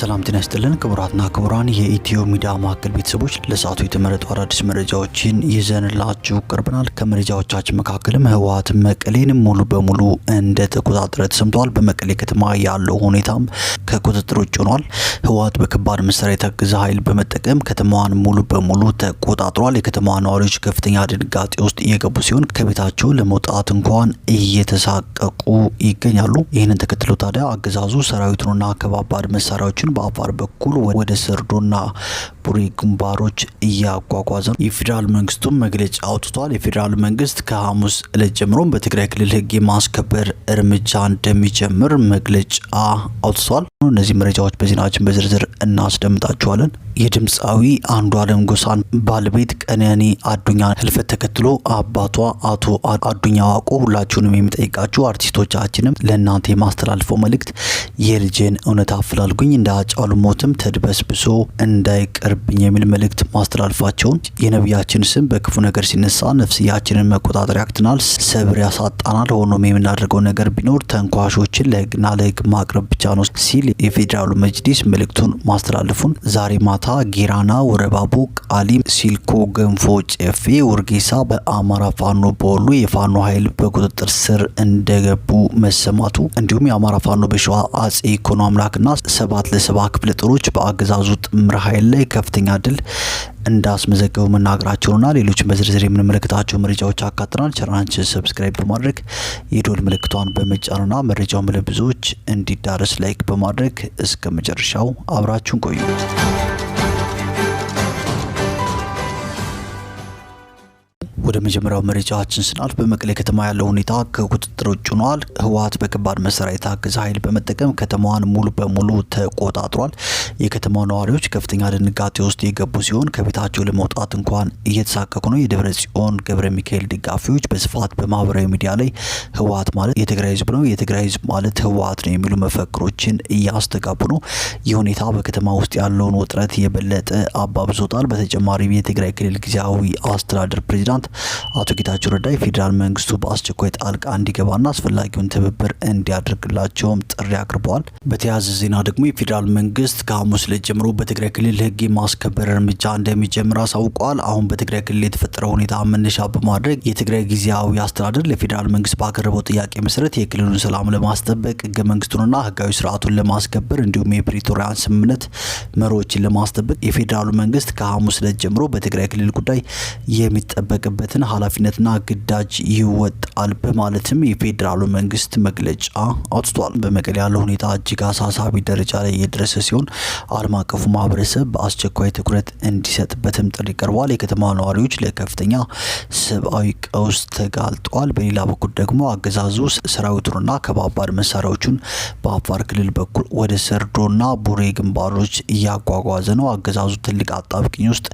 ሰላም ጤና ይስጥልን ክቡራትና ክቡራን የኢትዮ ሚዲያ ማዕከል ቤተሰቦች ለሰዓቱ የተመረጡ አዳዲስ መረጃዎችን ይዘንላችሁ ቀርበናል። ከመረጃዎቻችን መካከልም ህወሓት መቀሌን ሙሉ በሙሉ እንደተቆጣጠረ ተሰምቷል። በመቀሌ ከተማ ያለው ሁኔታም ከቁጥጥር ውጭ ሆኗል። ህወሓት በከባድ መሳሪያ የታገዘ ኃይል በመጠቀም ከተማዋን ሙሉ በሙሉ ተቆጣጥሯል። የከተማዋ ነዋሪዎች ከፍተኛ ድንጋጤ ውስጥ እየገቡ ሲሆን ከቤታቸው ለመውጣት እንኳን እየተሳቀቁ ይገኛሉ። ይህንን ተከትሎ ታዲያ አገዛዙ ሰራዊቱንና ከባባድ መሳሪያዎችን ኃይሎችን በአፋር በኩል ወደ ሰርዶና ቡሬ ግንባሮች እያጓጓዘ ነው። የፌዴራል መንግስቱም መግለጫ አውጥቷል። የፌዴራል መንግስት ከሐሙስ እለት ጀምሮም በትግራይ ክልል ህግ የማስከበር እርምጃ እንደሚጀምር መግለጫ አውጥቷል። እነዚህ መረጃዎች በዜናችን በዝርዝር እናስደምጣችኋለን። የድምፃዊ አንዱ አለም ጎሳን ባለቤት ቀነኒ አዱኛ ህልፈት ተከትሎ አባቷ አቶ አዱኛ ዋቆ ሁላችሁንም የሚጠይቃችሁ አርቲስቶቻችንም ለእናንተ የማስተላልፈው መልእክት የልጄን እውነት አፈላልጉኝ እንደ ጫልሞትም ተድበስብሶ እንዳይቀርብኝ የሚል መልእክት ማስተላልፋቸውን የነቢያችን ስም በክፉ ነገር ሲነሳ ነፍስያችንን መቆጣጠር ያክትናል፣ ሰብር ያሳጣናል። ሆኖም የምናደርገው ነገር ቢኖር ተንኳሾችን ለህግና ለህግ ማቅረብ ብቻ ነው ሲል የፌዴራሉ መጅሊስ መልእክቱን ማስተላልፉን ዛሬ ማታ ጊራና፣ ወረባቡ፣ ቃሊም፣ ሲልኮ፣ ገንፎ፣ ጨፌ፣ ውርጌሳ በአማራ ፋኖ በወሎ የፋኖ ኃይል በቁጥጥር ስር እንደገቡ መሰማቱ እንዲሁም የአማራ ፋኖ በሸዋ አጼ ኢኮኖ አምላክና ሰባት ለሰ ሰባ ክፍለ ጦሮች በአገዛዙ ጥምር ኃይል ላይ ከፍተኛ ድል እንዳስመዘገቡ መናገራቸውንና ሌሎች በዝርዝር የምንመለከታቸው መረጃዎች አካተናል። ቻናላችን ሰብስክራይብ በማድረግ የዶል ምልክቷን በመጫንና መረጃውን ለብዙዎች እንዲዳረስ ላይክ በማድረግ እስከ መጨረሻው አብራችሁን ቆዩ። ወደ መጀመሪያው መረጃዎችን ስናልፍ በመቀሌ ከተማ ያለው ሁኔታ ከቁጥጥር ውጭ ሆኗል። ህወሓት በከባድ መሳሪያ የታገዘ ኃይል በመጠቀም ከተማዋን ሙሉ በሙሉ ተቆጣጥሯል። የከተማው ነዋሪዎች ከፍተኛ ድንጋጤ ውስጥ የገቡ ሲሆን ከቤታቸው ለመውጣት እንኳን እየተሳቀቁ ነው። የደብረ ጽዮን ገብረ ሚካኤል ደጋፊዎች በስፋት በማህበራዊ ሚዲያ ላይ ህወሓት ማለት የትግራይ ህዝብ ነው፣ የትግራይ ህዝብ ማለት ህወሓት ነው የሚሉ መፈክሮችን እያስተጋቡ ነው። ይህ ሁኔታ በከተማ ውስጥ ያለውን ውጥረት የበለጠ አባብዞታል። በተጨማሪም የትግራይ ክልል ጊዜያዊ አስተዳደር ፕሬዚዳንት አቶ ጌታቸው ረዳ የፌዴራል መንግስቱ በአስቸኳይ ጣልቃ እንዲገባና አስፈላጊውን ትብብር እንዲያደርግላቸውም ጥሪ አቅርበዋል። በተያያዘ ዜና ደግሞ የፌዴራል መንግስት ከሐሙስ ዕለት ጀምሮ በትግራይ ክልል ህግ የማስከበር እርምጃ እንደሚጀምር አሳውቋል። አሁን በትግራይ ክልል የተፈጠረው ሁኔታ መነሻ በማድረግ የትግራይ ጊዜያዊ አስተዳደር ለፌዴራል መንግስት ባቀረበው ጥያቄ መሰረት የክልሉን ሰላም ለማስጠበቅ ህገ መንግስቱንና ህጋዊ ስርዓቱን ለማስከበር እንዲሁም የፕሪቶሪያን ስምምነት መሪዎችን ለማስጠበቅ የፌዴራሉ መንግስት ከሐሙስ ዕለት ጀምሮ በትግራይ ክልል ጉዳይ የሚጠበቅበት ያለበትን ኃላፊነትና ግዳጅ ይወጣል በማለትም የፌዴራሉ መንግስት መግለጫ አውጥቷል። በመቀሌ ያለው ሁኔታ እጅግ አሳሳቢ ደረጃ ላይ የደረሰ ሲሆን ዓለም አቀፉ ማህበረሰብ በአስቸኳይ ትኩረት እንዲሰጥበትም ጥሪ ቀርቧል። የከተማ ነዋሪዎች ለከፍተኛ ሰብአዊ ቀውስ ተጋልጧል። በሌላ በኩል ደግሞ አገዛዙ ሰራዊቱንና ከባባድ መሳሪያዎቹን በአፋር ክልል በኩል ወደ ሰርዶና ቡሬ ግንባሮች እያጓጓዘ ነው። አገዛዙ ትልቅ አጣብቅኝ ውስጥ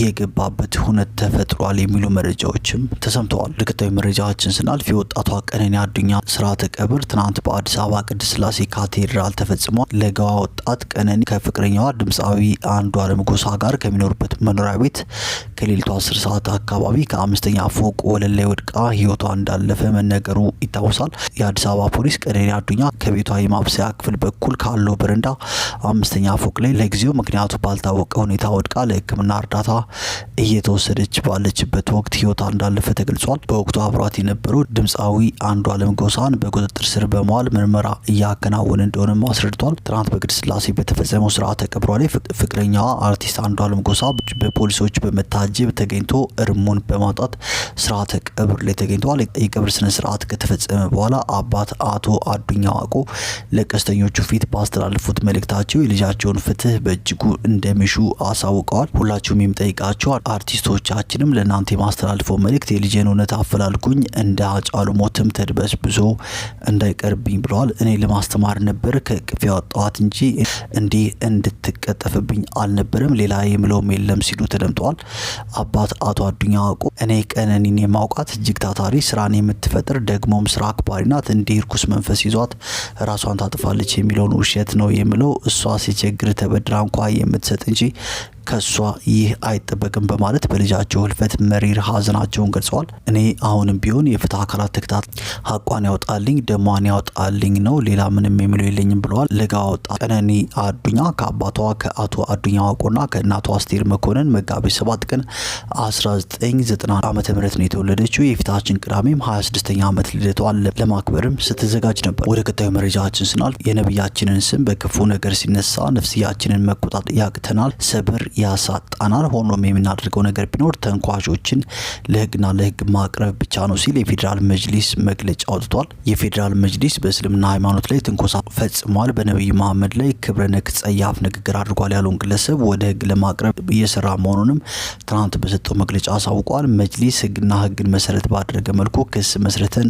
የገባበት ሁነት ተፈጥሯል የሚሉ መረጃዎችም ተሰምተዋል። ልክታዊ መረጃዎችን ስናልፍ የወጣቷ ቀነኒ አዱኛ ስርዓተ ቀብር ትናንት በአዲስ አበባ ቅድስት ስላሴ ካቴድራል ተፈጽሟል። ለጋዋ ወጣት ቀነኒ ከፍቅረኛዋ ድምፃዊ አለም ጎሳ ጋር ከሚኖሩበት መኖሪያ ቤት ከሌሊቱ አስር ሰዓት አካባቢ ከአምስተኛ ፎቅ ወለል ላይ ወድቃ ህይወቷ እንዳለፈ መነገሩ ይታወሳል። የአዲስ አበባ ፖሊስ ቀነኒ አዱኛ ከቤቷ የማብሰያ ክፍል በኩል ካለው በረንዳ አምስተኛ ፎቅ ላይ ለጊዜው ምክንያቱ ባልታወቀ ሁኔታ ወድቃ ለሕክምና እርዳታ እየተወሰደች ባለችበት ወቅት ህይወቷ እንዳለፈ ተገልጿል። በወቅቱ አብሯት የነበረው ድምፃዊ አንዱ አለም ጎሳን በቁጥጥር ስር በመዋል ምርመራ እያከናወነ እንደሆነም አስረድቷል። ትናንት በግድ ስላሴ በተፈጸመው ስርዓተ ቀብሯ ላይ ፍቅረኛዋ አርቲስት አንዱ አለም ጎሳ በፖሊሶች በመታጀብ ተገኝቶ እርሙን በማውጣት ስርዓተ ቀብር ላይ ተገኝተዋል። የቀብር ስነ ስርዓት ከተፈጸመ በኋላ አባት አቶ አዱኛ ዋቆ ለቀስተኞቹ ፊት ባስተላለፉት መልእክታቸው የልጃቸውን ፍትህ በእጅጉ እንደሚሹ አሳውቀዋል። ሁላችሁም የሚጠይቅ ጠይቃቸዋል። አርቲስቶቻችንም ለእናንተ የማስተላልፈው መልእክት የልጄን እውነት አፈላልኩኝ እንደ አጫሉ ሞትም ተድበስ ብዙ እንዳይቀርብኝ ብለዋል። እኔ ለማስተማር ነበር ከቅፍ ያወጣዋት እንጂ እንዲህ እንድትቀጠፍብኝ አልነበረም። ሌላ የምለውም የለም ሲሉ ተደምጠዋል። አባት አቶ አዱኛ ዋቆ እኔ ቀነኒን የማውቃት እጅግ ታታሪ ስራን የምትፈጥር ደግሞም ስራ አክባሪ ናት። እንዲህ እርኩስ መንፈስ ይዟት ራሷን ታጥፋለች የሚለውን ውሸት ነው የምለው። እሷ ሲቸግር ተበድራ እንኳ የምትሰጥ እንጂ ከሷ ይህ አይጠበቅም በማለት በልጃቸው ህልፈት መሪር ሀዘናቸውን ገልጸዋል። እኔ አሁንም ቢሆን የፍትህ አካላት ተከታትሎ ሀቋን ያውጣልኝ፣ ደሟን ያውጣልኝ ነው ሌላ ምንም የሚለው የለኝም ብለዋል። ልጋ ወጣ ቀነኒ አዱኛ ከአባቷ ከአቶ አዱኛ ዋቆና ከእናቷ አስቴር መኮንን መጋቢት 7 ቀን 1990 ዓ ም ነው የተወለደችው። የፊታችን ቅዳሜም 26ኛ ዓመት ልደቷን ለማክበርም ስትዘጋጅ ነበር። ወደ ቀጣዩ መረጃችን ስናልፍ የነቢያችንን ስም በክፉ ነገር ሲነሳ ነፍስያችንን መቆጣጠር ያቅተናል። ሰብር ያሳጣናል። ሆኖም የምናደርገው ነገር ቢኖር ተንኳሾችን ለህግና ለህግ ማቅረብ ብቻ ነው ሲል የፌዴራል መጅሊስ መግለጫ አውጥቷል። የፌዴራል መጅሊስ በእስልምና ሃይማኖት ላይ ትንኮሳ ፈጽሟል፣ በነቢይ መሐመድ ላይ ክብረ ነክ ጸያፍ ንግግር አድርጓል ያለውን ግለሰብ ወደ ህግ ለማቅረብ እየሰራ መሆኑንም ትናንት በሰጠው መግለጫ አሳውቋል። መጅሊስ ህግና ህግን መሰረት ባደረገ መልኩ ክስ መስረተን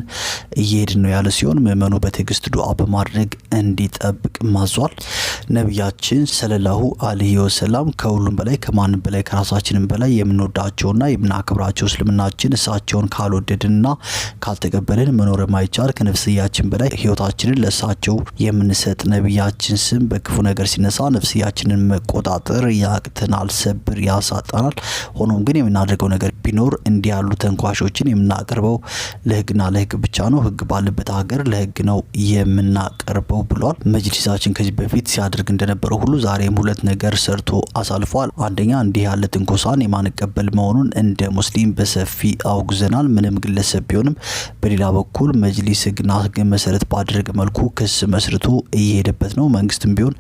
እየሄድን ነው ያለ ሲሆን ምዕመኑ በትዕግስት ዱዓ በማድረግ እንዲጠብቅ ማዟል። ነቢያችን ሰለላሁ አለይሂ ወሰላም ከሁሉም ከማንም በላይ ከማንም በላይ ከራሳችንም በላይ የምንወዳቸውና የምናከብራቸው እስልምናችን እሳቸውን ካልወደድንና ካልተቀበልን መኖር የማይቻል ከነፍስያችን በላይ ህይወታችንን ለእሳቸው የምንሰጥ ነቢያችን ስም በክፉ ነገር ሲነሳ ነፍስያችንን መቆጣጠር ያቅተናል፣ ሰብር ያሳጣናል። ሆኖም ግን የምናደርገው ነገር ቢኖር እንዲህ ያሉ ተንኳሾችን የምናቀርበው ለህግና ለህግ ብቻ ነው። ህግ ባለበት ሀገር ለህግ ነው የምናቀርበው ብሏል። መጅሊሳችን ከዚህ በፊት ሲያደርግ እንደነበረው ሁሉ ዛሬም ሁለት ነገር ሰርቶ አሳልፏል። አሳውቀዋል። አንደኛ እንዲህ ያለ ትንኮሳን የማንቀበል መሆኑን እንደ ሙስሊም በሰፊ አውግዘናል። ምንም ግለሰብ ቢሆንም በሌላ በኩል መጅሊስ ህግና ህግን መሰረት ባደረገ መልኩ ክስ መስርቶ እየሄደበት ነው። መንግስትም ቢሆን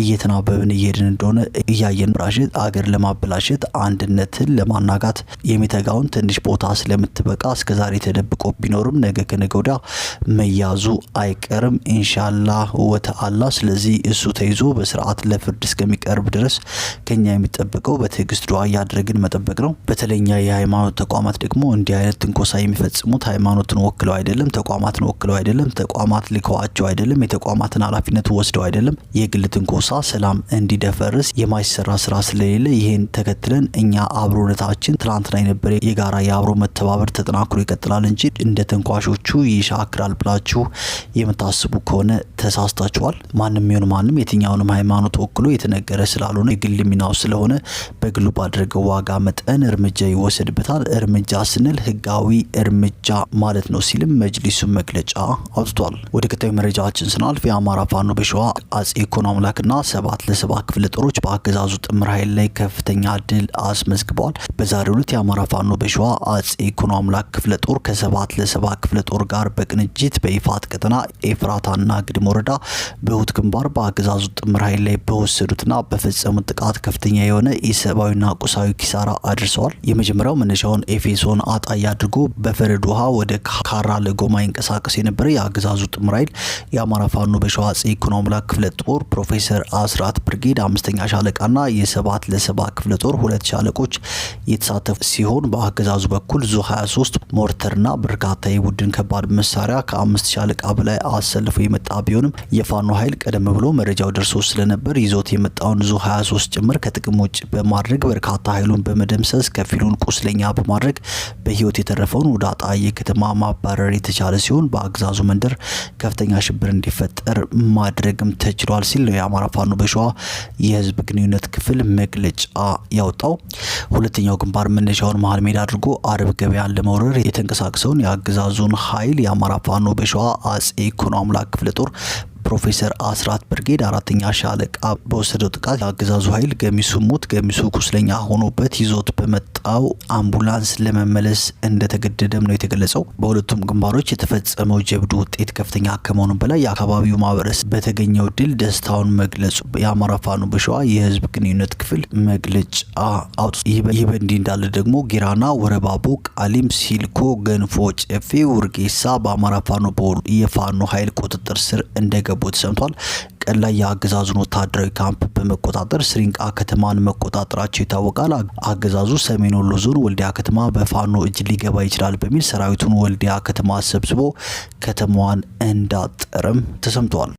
እየተናበብን እየሄድን እንደሆነ እያየን ብራሽት አገር ለማበላሸት አንድነትን ለማናጋት የሚተጋውን ትንሽ ቦታ ስለምትበቃ እስከዛሬ ተደብቆ ቢኖርም ነገ ከነገ ወዲያ መያዙ አይቀርም ኢንሻላህ ወተአላ። ስለዚህ እሱ ተይዞ በስርዓት ለፍርድ እስከሚቀርብ ድረስ ከኛ የሚጠበቀው በትዕግስት ዱዓ እያደረግን መጠበቅ ነው። በተለኛ የሃይማኖት ተቋማት ደግሞ እንዲህ አይነት ትንኮሳ የሚፈጽሙት ሃይማኖትን ወክለው አይደለም፣ ተቋማትን ወክለው አይደለም፣ ተቋማት ልከዋቸው አይደለም፣ የተቋማትን ኃላፊነት ወስደው አይደለም። የግል ትንኮሳ ሰላም እንዲደፈርስ የማይሰራ ስራ ስለሌለ ይህን ተከትለን እኛ አብሮነታችን ትላንትና የነበረ የጋራ የአብሮ መተባበር ተጠናክሮ ይቀጥላል እንጂ እንደ ተንኳሾቹ ይሻክራል ብላችሁ የምታስቡ ከሆነ ተሳስታችኋል። ማንም ይሁን ማንም የትኛውንም ሃይማኖት ወክሎ የተነገረ ስላልሆነ የግል ሚናው ስለ ስለሆነ በግሉ ባደረገው ዋጋ መጠን እርምጃ ይወሰድበታል። እርምጃ ስንል ህጋዊ እርምጃ ማለት ነው ሲልም መጅሊሱ መግለጫ አውጥቷል። ወደ ቀጣዩ መረጃዎችን ስናልፍ የአማራ ፋኖ በሸዋ አጼ ይኩኖ አምላክና ሰባት ለሰባ ክፍለ ጦሮች በአገዛዙ ጥምር ኃይል ላይ ከፍተኛ ድል አስመዝግበዋል። በዛሬው ዕለት የአማራ ፋኖ በሸዋ አጼ ኢኮኖ አምላክ ክፍለ ጦር ከሰባት ለሰባ ክፍለ ጦር ጋር በቅንጅት በይፋት ቀጠና ኤፍራታና ግድም ወረዳ በሁት ግንባር በአገዛዙ ጥምር ኃይል ላይ በወሰዱትና በፈጸሙት ጥቃት ከፍተኛ የሆነ ኢሰብአዊና ቁሳዊ ኪሳራ አድርሰዋል። የመጀመሪያው መነሻውን ኤፌሶን አጣይ አድርጎ በፈረድ ውሃ ወደ ካራ ለጎማ ይንቀሳቀስ የነበረ የአገዛዙ ጥምር ኃይል የአማራ ፋኖ በሸዋ ጽ ኢኮኖሚላ ክፍለ ጦር ፕሮፌሰር አስራት ብርጌድ አምስተኛ ሻለቃና የሰባት ለሰባ ክፍለ ጦር ሁለት ሻለቆች የተሳተፉ ሲሆን በአገዛዙ በኩል ዙ 23 ሞርተርና በርካታ የቡድን ከባድ መሳሪያ ከአምስት ሻለቃ በላይ አሰልፎ የመጣ ቢሆንም የፋኖ ኃይል ቀደም ብሎ መረጃው ደርሶ ስለነበር ይዞት የመጣውን ዙ 23 ጭምር ከጥቅ ጥቅሞች በማድረግ በርካታ ኃይሉን በመደምሰስ ከፊሉን ቁስለኛ በማድረግ በህይወት የተረፈውን ወደ አጣዬ ከተማ ማባረር የተቻለ ሲሆን በአገዛዙ መንደር ከፍተኛ ሽብር እንዲፈጠር ማድረግም ተችሏል ሲል ነው የአማራ ፋኖ በሸዋ የህዝብ ግንኙነት ክፍል መግለጫ ያወጣው። ሁለተኛው ግንባር መነሻውን መሀል ሜዳ አድርጎ አርብ ገበያን ለመውረር የተንቀሳቀሰውን የአገዛዙን ኃይል የአማራ ፋኖ በሸዋ አጼ ይኩኖ አምላክ ክፍለ ጦር ፕሮፌሰር አስራት ብርጌድ አራተኛ ሻለቃ በወሰደው ጥቃት የአገዛዙ ኃይል ገሚሱ ሙት ገሚሱ ቁስለኛ ሆኖበት ይዞት በመጣው አምቡላንስ ለመመለስ እንደተገደደም ነው የተገለጸው። በሁለቱም ግንባሮች የተፈጸመው ጀብዱ ውጤት ከፍተኛ ከመሆኑ በላይ የአካባቢው ማህበረሰብ በተገኘው ድል ደስታውን መግለጹ የአማራ ፋኑ በሸዋ የህዝብ ግንኙነት ክፍል መግለጫ አውጡ። ይህ በእንዲህ እንዳለ ደግሞ ጊራና፣ ወረባቦ፣ ቃሊም፣ ሲልኮ፣ ገንፎ፣ ጨፌ፣ ውርጌሳ በአማራ ፋኖ በወሎ የፋኖ ኃይል ቁጥጥር ስር እንደገቡ እንደገቡ ሰምቷል። ቀን ላይ የአገዛዙን ወታደራዊ ካምፕ በመቆጣጠር ስሪንቃ ከተማን መቆጣጠራቸው ይታወቃል። አገዛዙ ሰሜን ወሎ ዞን ወልዲያ ከተማ በፋኖ እጅ ሊገባ ይችላል በሚል ሰራዊቱን ወልዲያ ከተማ ሰብስቦ ከተማዋን እንዳጠረም ተሰምተዋል።